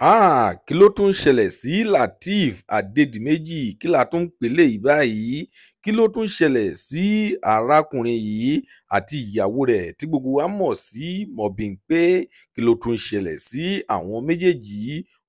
Ah, kí ló tún ń ṣẹlẹ̀ sí lateef adédìméjì kí la tún ń pèlè yìí báyìí kí ló tún ń ṣẹlẹ̀ sí arákùnrin yìí àti ìyàwó rẹ̀ tí gbogbo wa mọ̀ sí mọ̀bìnpé kí ló tún ń sí àwọn méjèèjì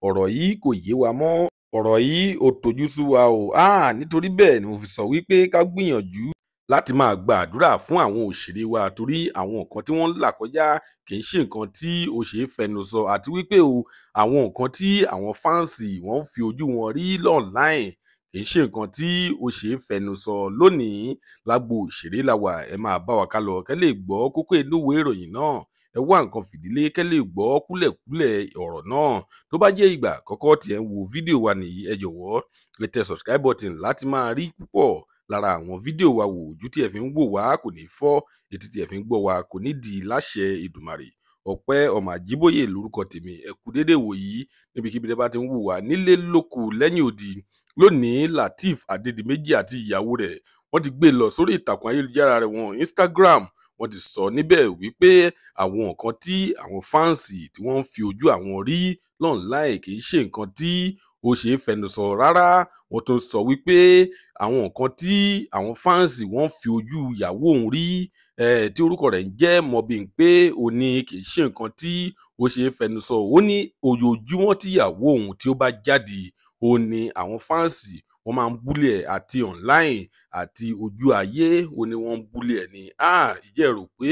ọ̀rọ̀ yìí kò yé wa mọ́ ọ̀rọ̀ yìí ò tójú sú wa o háà ah, nítorí bẹ́ẹ̀ ni mo fi sọ wípé ká gbìyànjú láti máa gba àdúrà fún àwọn òṣèré wa torí àwọn nǹkan tí wọ́n ń là kọjá kì í ṣe nǹkan tí ó ṣe é fẹnu sọ àti wípé o àwọn nǹkan tí àwọn fáǹsì wọ́n ń fi ojú wọn rí lọ́ọ̀láìn kì í ṣe nǹkan tí ó ṣe é fẹnu sọ lónìí lágbo òṣèré la wà ẹ máa bá wa ká lọ kẹ́ lè gbọ́ kókó inú ìwé ìròyìn náà ẹ wá nǹkan fìdílé kẹ́ lè gbọ́ kúlẹ̀kúlẹ̀ ọ̀rọ̀ náà tó bá jẹ́ ìgbà kọ́kọ́ tí ń wo fídíò wa nìyí ẹ jọ̀wọ́ ẹ tẹ subscribe button láti máa rí púpọ̀ lára àwọn fídíò wa wò ojú tí ẹ fi ń wò wá kò ní fọ́ etí tí ẹ fi ń gbọ́ wá kò ní di láṣẹ Èdùmàrè Ọpẹ́ Ọmọ Àjíbóyè lórúkọ tèmi ẹ kú dédé wò yìí níbikíbi tẹ́ bá ti ń wò wá nílé lóko lẹ́yìn odi lónìí Lateef Adédìméjì àti ìyàwó rẹ̀ wọ́n ti gbé lọ sórí ìtàkùn ayélujára rẹ̀ wọn Instagram wọ́n ti sọ níbẹ̀ wípé àwọn nǹkan tí àwọn fáǹsì tí wọ́n ń fi ojú àwọn rí lọ́nláì kì í ṣe nǹkan tí ó ṣeé fẹnusọ rárá wọ́n tún sọ wípé àwọn nǹkan tí àwọn fáǹsì wọn fi ojú ìyàwó òun rí tí orúkọ rẹ̀ ń jẹ́ Mobimpe òní kì í ṣe nǹkan tí ó ṣeé fẹnusọ ó ní ojoojúmọ́ tíyàwó òun tí ó bá jáde ó ní àwọn fáǹsì wọ́n máa ń búlẹ̀ àti online àti ojú ayé wo ni wọ́n ń búlé ẹ̀ ni ìjẹ́ rò pé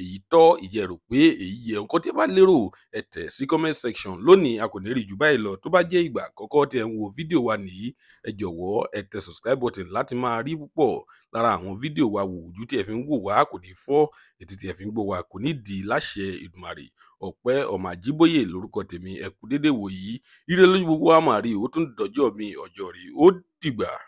èyí tọ́ ìjẹ́ rò pé èyí yẹ nǹkan tí ẹ bá lérò ẹ tẹ̀ sí comment section lónìí a kò ní rí jù báyìí lọ tó bá jẹ́ ìgbà àkọ́kọ́ tí ẹ ń wo fídíò wa nìyí ẹ jọ̀wọ́ ẹ tẹ̀ subscribe button láti máa rí púpọ̀ lára àwọn fídíò wa wò ojú tí ẹ fi ń wò wá kò ní fọ́ ètí tí ẹ fi ń gbọ́ wa kò ní di láṣẹ Èdùmàrè ọpẹ́ ọmọ àjíbóyè lórúkọ tèmi ẹ kú déédéé wò yìí ire lójú gbogbo wa máa ó tún dọjọ́ mi ọjọ́ rí ó dìgbà.